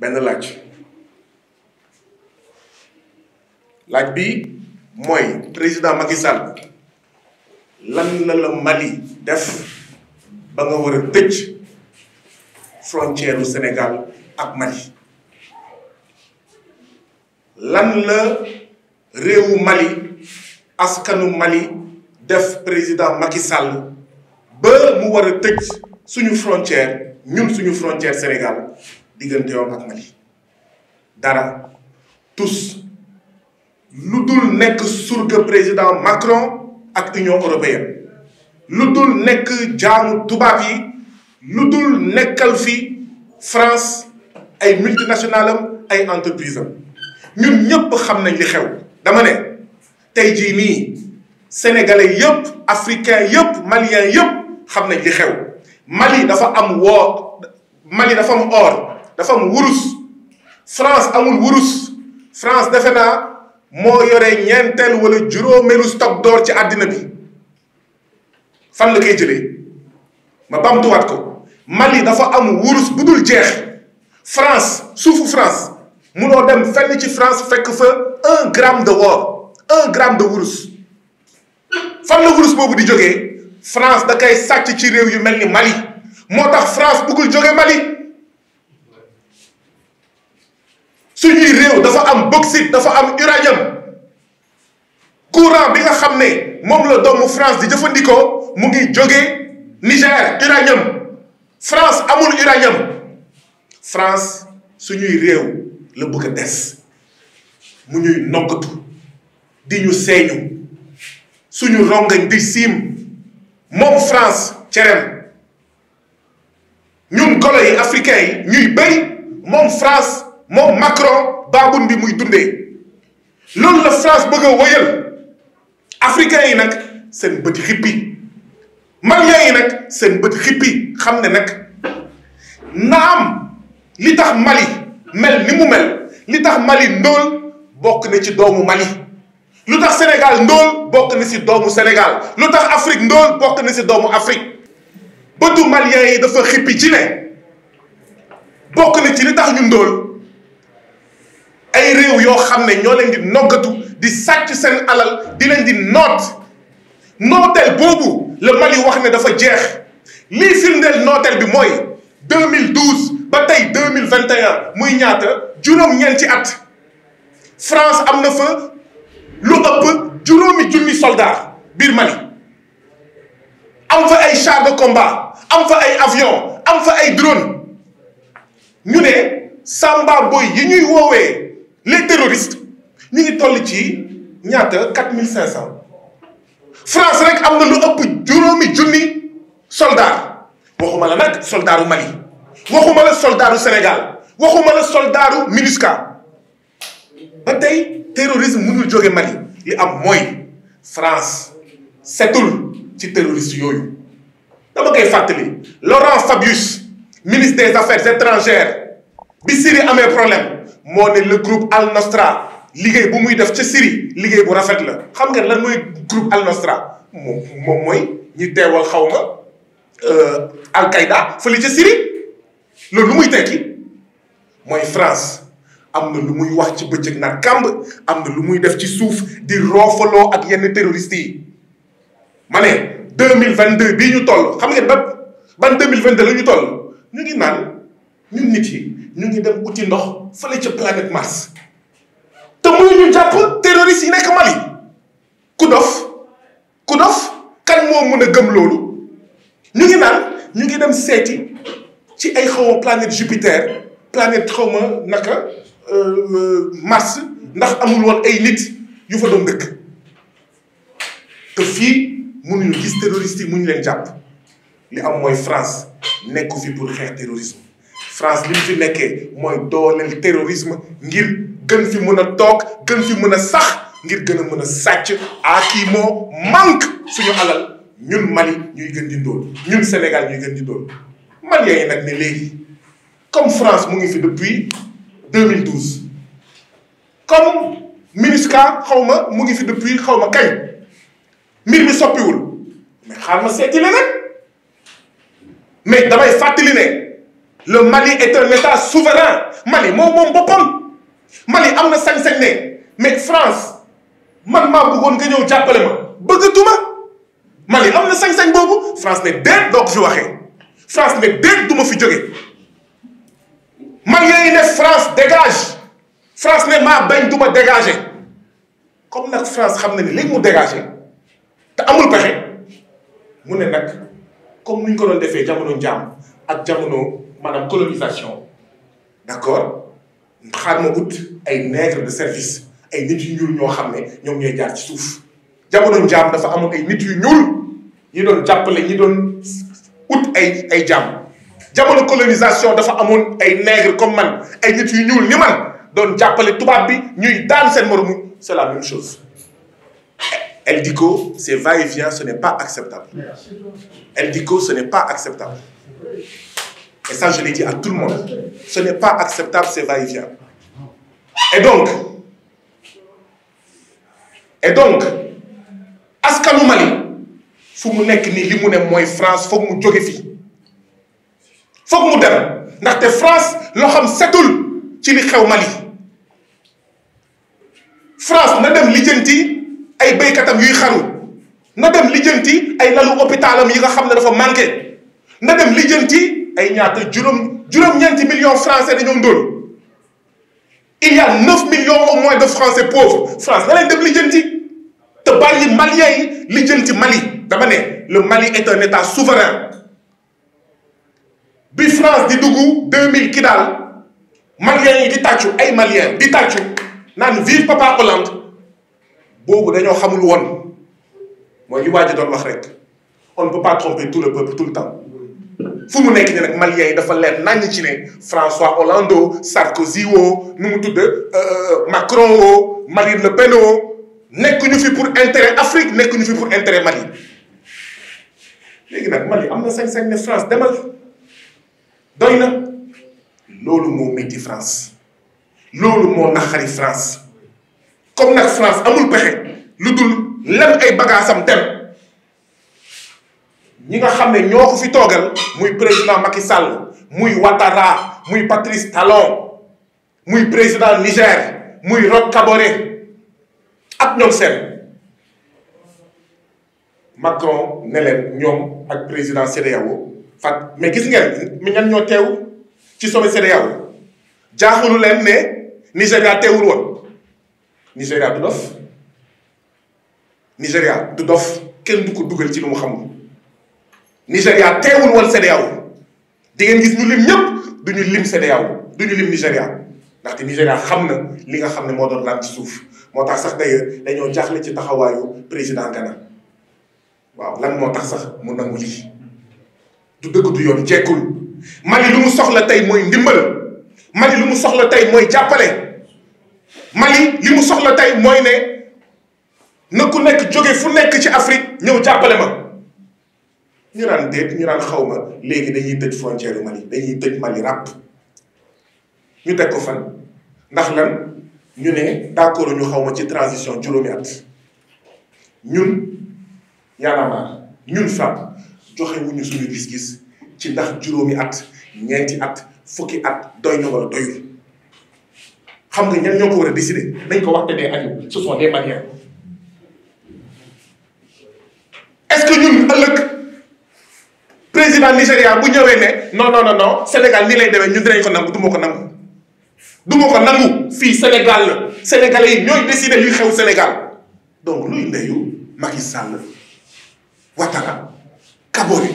benn laaj laaj bi mooy président Macky Sall lan la la Mali def ba nga war a tëj frontière u Sénégal ak Mali lan la réewu Mali askanu Mali def président Macky Sall ba mu war a tëj suñu frontière ñun suñu frontière Sénégal digganteem ak Mali dara tous lu dul nekk surga président Macron ak Union européenne lu dul nekk jaamu tubaab yi lu dul nekkal fi France ay multinationale am ay entreprise am ñun ñëpp xam nañ li xew dama ne tey jii nii sénégalais yëpp africains yëpp maliens yëpp xam nañ li xew Mali dafa am woor Mali dafa am or dafa am wurus France amul wurus France defe naa moo yore ñeenteel wala juróomeelu stock d'or ci àddina bi fan la koy jëlee ma bamtuwaat ko Mali dafa am wurus bu dul jeex France suufu France munoo dem fenn ci France fekk fa un gramme de or un gramme de wurus fan la wurus boobu di jógee France da koy sàcc ci réew yu mel ni Mali moo tax France bëggul jóge Mali. suñuy réew dafa am bauxite dafa am uranium courant bi nga xam ne moom la doomu France di jëfandikoo mu ngi jógee Niger uranium France amul uranium France suñuy réew la bëgg a des mu ñuy nokkatu di ñu seeñu suñu rongañ di siim moom France cerem ñu golo yi africain yi ñuy béy moom France moom Macron baabun bi muy dundee loolu la France bëgg a wëyal africains yi nag seen bët xippi maliens yi nag seen bët xippi xam ne nag naam li tax Mali mel ni mu mel li tax Mali ndóol bokk na ci doomu Mali lu tax Sénégal ndóol bokk na si doomu Sénégal lu tax Afrique ndóol bokk ne si doomu Afrique bëtu maliens yi dafa xippi ci ne bokk na ci li tax ñu ndóol ay réew yoo xam ne ñoo leen di noggatu di sàcc seen alal di leen di noot nooteel boobu la Mali wax ne dafa jeex lii firndeel nooteel bi mooy 2012 ba tey 2021 muy ñaata juróom-ñeenti at France am na fa lu ëpp juróomi junni soldat biir Mali am fa ay char de combat am fa ay avion am fa ay drone ñu ne Samba Boy yi ñuy woowee les terroristes ñu ngi toll ci ñaata quatre mille cinq cent France rek am na lu ëpp juróomi junni soldat waxuma la nag soldaaru Mali waxuma la soldaaru Sénégal waxuma la soldaaru MINUSCA ba tey terrorisme mënul jóge Mali li am mooy France setul ci terroriste yooyu dama koy fàttali Laurent Fabius ministre des affaires étrangères bi Syrie amee problème moo ne le groupe Al Nostra liggéey bu muy def ca siri liggéey bu rafet la xam nga lan mooy groupe Al Nostra moom moom mooy ñi teewal xaw ma euh, Al Qaïda fële ca Syrie loolu lu muy tekki mooy France am na lu muy wax ci bëccëg nag kàmb am na lu muy def ci suuf di roofaloo ak yenn terroristes yi ma ne deux mille vingt deux bii ñu toll xam ngeen ba ban deux mille vingt deux la ñu toll ñu ngi naan ñun nit yi ñu ngi dem uti ndox. fële ca planète Mars te ñu jàpp terroriste yi nekk Mali ku dof ku dof kan moo mën a gëm loolu ñu ngi naan ñu ngi dem seeti ci ay xawma planète Jupiter planète xawma naka euh, Mars ndax amul woon ay nit yu fa doon dëkk te fii mënuñu gis terroriste yi mu ñu leen jàpp li am mooy France nekku fi pour xeex terrorisme France li mu fi nekkee mooy dooleel terrorisme ngir gën fi mën a toog gën fi mën a sax ngir gën a mën a sàcc à qui moo manque suñu alal ñun Mali ñuy gën di ndóol ñun Sénégal ñuy gën di ndóol Maliens yi nag ne léegi comme France mu ngi fi depuis 2012 comme MINUSCA xaw ma mu ngi fi depuis xaw ma kañ mbir mi soppiwul mais xaar ma seeti leneen mais damay fàttali ne. le Mali est un état souverain Mali moom moom boppam Mali am na sañ-sañ ne mais France man maa bëggoon nga ñëw jàppale ma bëggatuma Mali am na sañ-sañ boobu France ne déet doo ko fi waxee France ne déet du ma fi jóge Maliens yi ne France dégage France ne maa bañ du ma dégagé comme nag France xam na ni léegi mu dégagé te amul pexe mu ne nag comme ni ñu ko doon defee jamono njaam ak jamono. maanaam colonisation. d' accord xaar ma ut ay nègre de service ay nit yu ñuul ñoo xam ne ñoom ñooy jaar ci suuf jamono jaam dafa amoon ay nit yu ñuul ñi doon jàppale ñi doon ut ay ay jaam. jamono colonisation dafa amoon ay nègre comme man ay nit yu ñuul ni man doon jàppale tubaab bi ñuy daan seen moromu c' est la même chose El Dico c'est va-et-vient ce n'est pas acceptable El Dico ce n'est pas acceptable Et ça, je l'ai dit à tout le monde. Ce n'est pas acceptable, c'est va et Et donc, et donc askanu Mali fu mu nekk nii li mu ne mooy France foog mu jóge fii foog mu dem ndaxte France loo xam setul ci li xew Mali France na dem lijjanti ay béykatam yuy xaru na dem lijjanti ay lalu hôpitalam yi nga xam ne dafa manqué na dem lijjanti. ay ñaata juróom juróom-ñeenti millions français dañoo ndóol il y neuf millions au moins de français pauvres France na leen dem lijjanti te bàyyi malien yi lijjanti Mali dama ne le Mali est un souverain bi France di dugg 2000 ki daal malien yi di tàccu ay malien di tàccu naan vive papa Hollande boobu dañoo xamul woon mooy li waa ji doon wax rek on ne peut pas tromper tout le peuple tout le fu mu nekk nii nag Malien yi dafa leer naññ ci ne François Hollande Sarkozy woo nu mu tudd euh, euh, Macron woo Marine Le Pen woo nekkuñu fi pour intérêt Afrique nekkuñu fi pour intérêt Mali. léegi nag Mali am na sañ-sañ ne France demal doy na loolu moo métti France loolu moo naxari France comme nag France amul pexe lu dul lem ay bagaasam dem. ñi nga xam ne ñoo ko fi toogal muy président Macky Sall muy Ouattara muy Patrice Talon muy président Niger muy Roch Kaboré ak ñoom seen Macron ne leen ñoom ak président CEDEAO fat mais gis ngeen mi ñan ñoo teew ci sommet CEDEAO jaaxulu leen ne Nigéria teewul woon Nigéria du dof Nigéria du dof kenn du ko dugal ci lu mu xamul Nigéria teewul woon CEDEAO di ngeen gis ñu lim ñëpp du ñu lim CEDEAO du ñu lim Nigéria ndaxte Nigéria xam na li nga xam ne moo doon laal ci suuf moo tax sax d'ailleurs dañoo jaaxle ci taxawaayu président Ghana waaw lan moo tax sax mu nangu lii du dëgg yoon jekkul Mali lu mu soxla tey mooy ndimbal Mali lu mu soxla tey mooy jàppale Mali li mu soxla tey mooy ne nag ku nekk jóge fu nekk ci Afrique ñëw jàppale ma. ñu naan déet ñu naan xaw ma léegi dañuy tëj frontière Mali dañuy tëj Mali ràpp ñu teg ko fan ndax lan ñu ne d'accord ñu xaw ma ci transition juróomi at ñun yaanamaa ñun fàpp joxe wuñu suñu gis-gis ci ndax juróomi at ñeenti at fukki at doy na wala doyul xam nga ñan ñoo ko war a décider dañ ko wax te dee añu ce sont des manières est-ce ñun ëllëg président Nigéria bu ñëwee ne non non non non Sénégal nii lay demee ñun dinañ ko nangu du ko nangu. du ko nangu fii Sénégal la sénégalais yi ñooy décider luy xew Sénégal donc luy ndeyu Macky Sall Ouattara Kaboré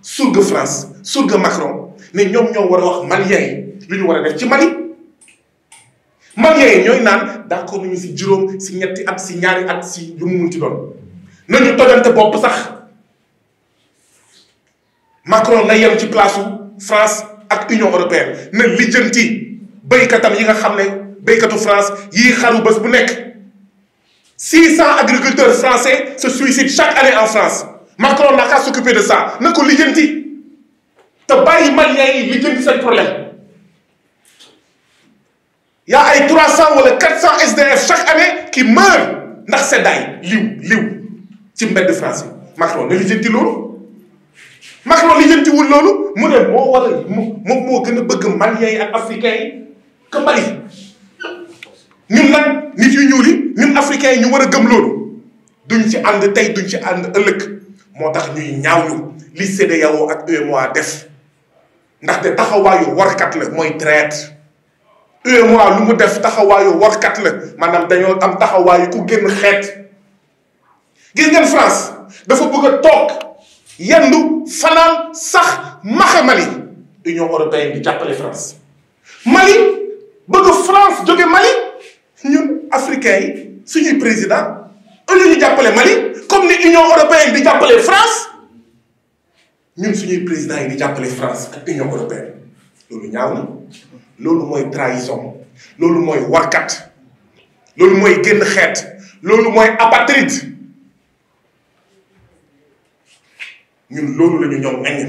surga France surga Macron ne ñoom ñoo war a wax malien yi ñu war a def ci Mali. malien ñooy naan d'accord nañu si juróom si ñetti at si ñaari at si lu mu munti doon nañu tojante bopp sax. Macron na yem ci place France ak Union européenne na lijjanti béykatam yi nga xam ne béykatu France yii xaru bés bu nekk 600 agriculteurs français se suicident chaque année en France Macron n'a qu'à s'occuper de ça na ko lijjanti te bàyyi maliens yi lijjanti seen problème y a ay 300 wala 400 SDF chaque année qui meurent ndax seddaay liw liw ci mbedd France yi Macron na lijjanti loolu. Macron li jëm loolu mu ne moo war a moom moo gën a bëgg malien yi ak africain yi que Mali ñun nag nit yu ñuul yi ñun africain yi ñu war a gëm loolu duñ ci ànd tey duñ ci ànd ëllëg moo tax ñuy ñaawlu li CEDEAO ak UEMOA def ndaxte taxawaayu warkat la mooy traite UEMOA lu mu def taxawaayu warkat la maanaam dañoo tam taxawaayu ku génn xeet gis ngeen France dafa bëgg toog. yendu fanaan sax maxe Mali Union européenne di jàppale France Mali bëgg France jóge Mali ñun africains yi suñuy président au lieu ñu jàppale Mali comme ni Union européenne di jàppale France ñun suñuy président yi di jàppale France ak Union européenne loolu ñaaw na loolu mooy trahison loolu mooy warkat loolu mooy génn xeet loolu mooy apatride ñun loolu la ñu ñoom aññe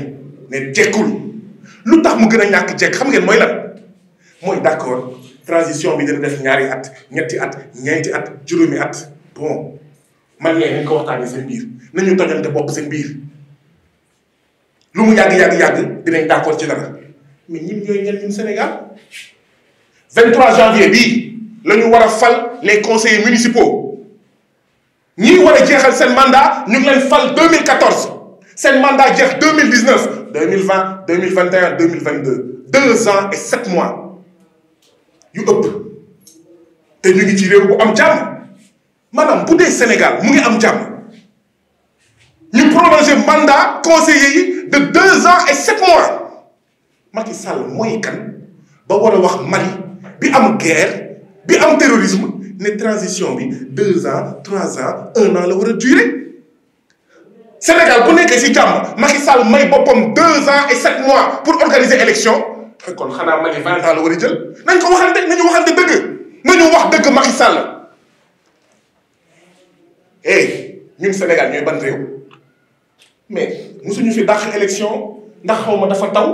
ne jekkul lu tax mu gën a ñàkk jekk xam ngeen mooy lan mooy d'accord transition bi dina def ñaari at ñetti at ñeenti at juróomi at bon man leen nañ ko waxtaanee seen biir nañu tojante bopp seen biir lu mu yàgg yàgg yàgg dinañ d'accord ci dara mais ñun ñooy ñen ñun Sénégal 23 janvier bii la ñu war a fal les conseillers municipaux ñii war a jeexal seen mandat ñu ngi leen fal 2014. seen mandat jeex deux mille dix neuf deux mille vingt deux mille vingt et un deux deux ans et sept mois yu ëpp te ñu ngi ci réew bu am jàmm maanaam bu dee Sénégal mu ngi am jàmm ñu prolongé mandat conseiller yi de deux ans et sept mois Macky Sall mooy kan ba war a wax Mali bi am guerre bi am terrorisme ne transition bi deux ans trois ans un an la war a durer. Sénégal bu nekkee ci jàmm Macky Sall may boppam deux ans et sept mois pour organiser élection kon xanaa Macky vingt ans la war a jël nañ ko waxante nañu waxante dëgg nañu wax dëgg Macky Sall eh ñun Sénégal ñooy ban réew mais mosuñu fi dàq élection ndax xaw ma dafa taw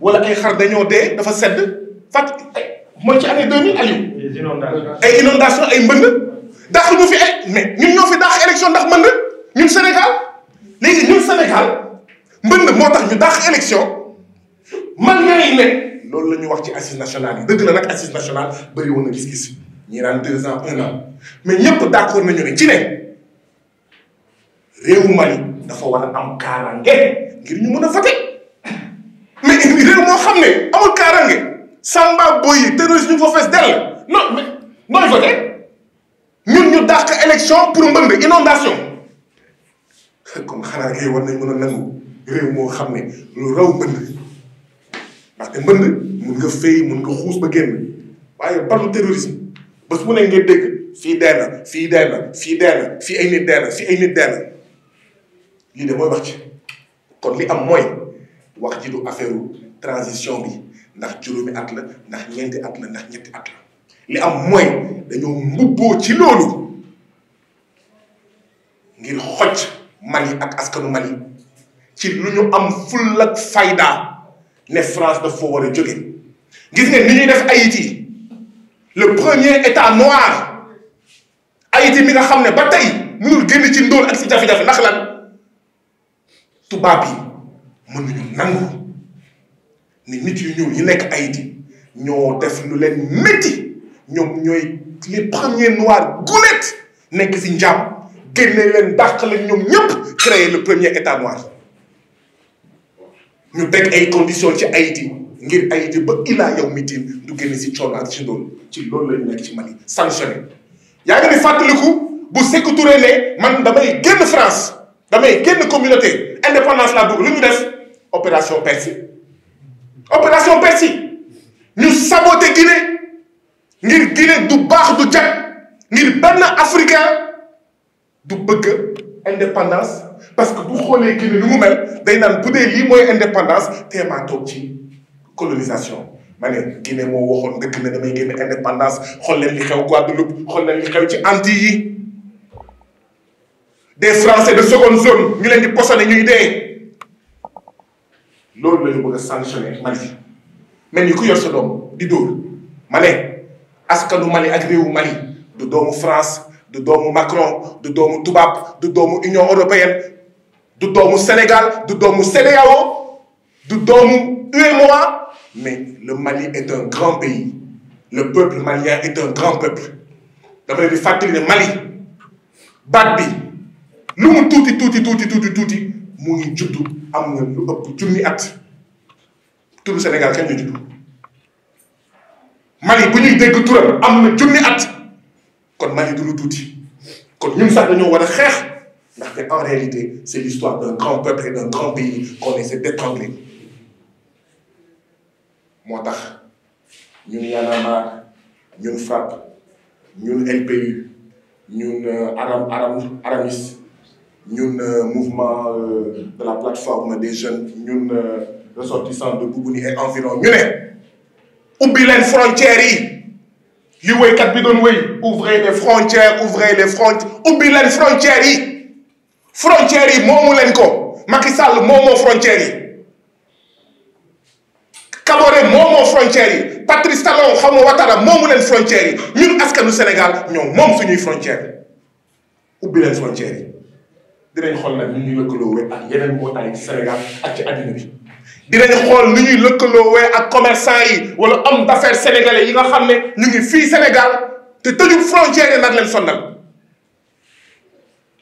wala ay xar dañoo dee dafa sedd fat mooy ci année 2000 Aliou. ay inondation ay mbënd ay eh, mais ñun ñoo fi dàq élection ndax mbënd ñun Sénégal. léegi ñun Sénégal mbënd moo tax ñu dàq élection man naa yi ne loolu la ñu wax ci assise nationale yi dëgg la nag assise nationale bëri woon na gis-gis ñii naan deux ans un an mais ñëpp d'accord nañu ne ci ne réewu dafa war a am kaarange ngir ñu mën a voter mais réew moo xam ne amul kaarange samba boy yi terroriste ñu fa fees dell non mais nooy voter ñun ñu dàq élection pour mbënd inondation kon xanaa kay war nañ mën a nangu réew moo xam ne lu raw mbënd ndaxte mbënd mun nga fay mun nga xuus ba génn waaye balu terrorisme bés bu ne ngay dégg fii dee na fii dee na fii dee na fii ay nit dee na fii ay nit dee lii de mooy wax ci kon li am mooy wax ji du affaire transition bi ndax juróomi at la ndax ñeenti at la ndax ñetti at li am mooy dañoo mbubboo ci loolu Mali ak askanu Mali ci lu ñu am ful ak fayda ne France daf foo war a jóge gis ne ni ñuy def Haïti le premier état noir Haïti mi nga xam ne ba tey mënul génn ci ndóol ak si jafe-jafe ndax lan tubaab yi mënuñu nangu ni nit yu ñuul yi nekk Haïti ñoo def lu leen métti ñoom ñooy les premiers noirs gulet nekk si njaam génne leen dàq leen ñoom ñëpp créer le premier état noir ñu teg ay conditions ci Haïti ngir Haïti ba ilaa yow mitin du génne si coono ak si ci loolu lañu nekk ci Mali sanctionné yaa ngi ni fàttaliku bu Sékou man damay génn France damay génn communauté indépendance laa bëgg lu opération Persil opération Persil ñu saboté Guinée ngir Guinée du baax du jag ngir benn africain du bëgg indépendance parce que bu xoolee Guinée lu mu mel day naan bu dee lii mooy indépendance tee maa ci colonisation ma ne Guinée moo waxoon ndëkk ne damay génn indépendance xool leen li xew Guadeloupe xool leen li xew ci Antilles yi des Français de seconde zone ñu leen di posone ñuy dee loolu la bëgg a ma Mali mel ni ku yor sa doom di dóor ma ne askanu Mali ak réewu Mali du doomu France du doomu Macron du doomu tubaab du doomu Union européenne du doomu Sénégal du doomu CEDEAO du doomu UEMOA mais le Mali est un grand pays le peuple malien est un grand peuple dama leen di fàttali ne Mali baat bi lu mu tuuti tuuti tuuti tuuti tuuti mu ngi juddu am na lu ëpp junni at turu Sénégal kenn ñu juddu Mali bu ñuy dégg turam am na junni at. kon Mali du lu tuuti kon ñun sax dañoo war a xeex ndaxte en réalité c'est l'histoire d'un grand peuple et d'un grand pays qu'on essaie d'étrangler moo tax ñun Y'en a marre ñun FRAPP ñun LPU ñun euh, aram aram ñun euh, mouvement euh, de la plateforme des jeunes ñun ressortissants de Bougouni environ ñu ne ubbi leen yi li woykat bi doon woy ouvrez les frontières ouvrez les frontières ubbi leen frontières yi frontières yi moomu leen ko Macky Sall moomoo frontières yi Kaboré moomoo frontières yi Patrice Talon xaw moomu leen frontières yi ñun askanu Sénégal ñoom moom suñuy frontières ubbi leen frontières yi dinañ xool nag ñu ñu lëkkaloo ak yeneen mbootaay ci Sénégal ak ci àddina bi dinañ xool nu ñuy lëkkaloowee ak commercant yi wala homme d'affaires sénégalais yi nga xam ne ñu ngi fii Sénégal te tëjub frontière yi nag leen sonnal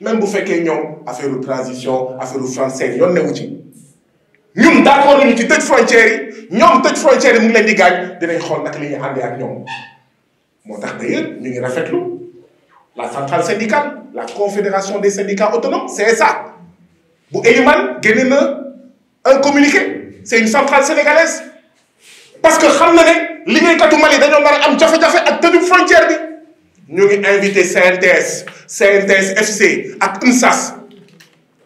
même bu fekkee ñoom affaire transition affaire français yoon newu ci mu ñun d'accord ñu ci tëj frontière yi ñoom tëj frontière yi mu ngi leen di gaañ dinañ xool nag li ñuy àndee ak ñoom moo tax d'ailleurs ñu ngi rafetlu la centrale syndicale la confédération des syndicats autonomes CSA bu Elimane génne na un communiqué c'est une centrale sénégalaise parce que xam na ne liggéeykatu Mali dañoo nar a am jafe-jafe ak tëju frontière bi ñoo ngi invité CNTS CNTS FC ak UNSAS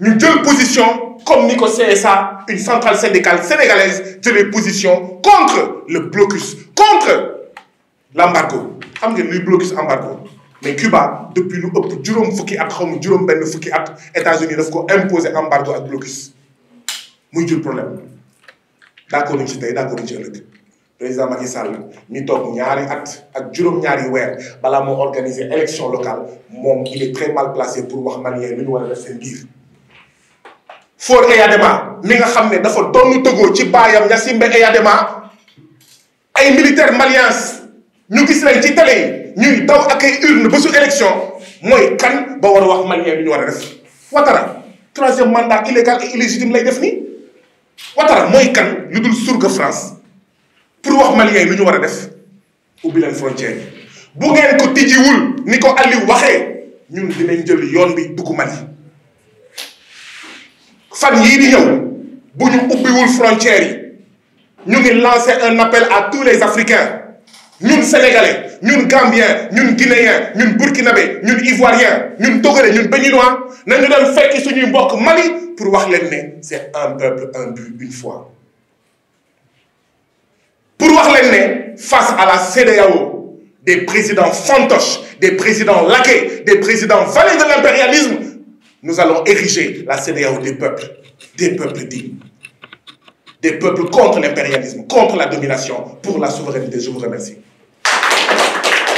ñu jël position comme ni ko CSA une centrale syndicale sénégalaise jëlee position contre le blocus contre l'embargo xam ngeen luy blocus embargo mais Cuba depuis lu ëpp juróom fukki at xaw ma juróom benn fukki at États-Unis daf ko imposer embargo ak blocus muy jur problème d'accord ñu ci tey d'accord ñu ci ëllëg président Macky Sall mi toog ñaari at ak juróom-ñaari weer balaa moo organiser élection locale moom il est très mal placé pour wax malien lu ñu war a def seen biir. Faure nga xam ne dafa doon tëggoo ci baayam Gnassingbé Eyadema ay militaires maliens ñu gis leen ci télé yi ñuy daw ak ay urne ba su élection mooy kan ba war a wax malien lu ñu war a def Ouattara troisième mandat illégal et illégitime lay def nii. Ouattara mooy kan lu dul surga France pour wax Maliens yi lu ñu war a def ubbi leen frontière yi bu ngeen ko tijjiwul ni ko Aliou waxee ñun dinañ jël yoon bi dugg Mali fan yii di ñëw bu ñu ubbiwul frontière yi ñu ngi lancer un appel à tous les Africains. ñun sénégalais ñun gambien ñun guinéen ñun burkinabé ñun ivoirien ñun togolais ñun béninois nañu dem fekki suñuy mbokk Mali pour wax leen ne c'est un peuple un une foi pour wax leen ne face à la CEDEAO des présidents fantoches des présidents laquais des présidents valets de l'impérialisme nous allons ériger la CEDEAO des peuples des peuples dignes des peuples contre l'impérialisme contre la domination pour la souveraineté je vous remercie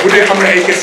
bu dee am na ay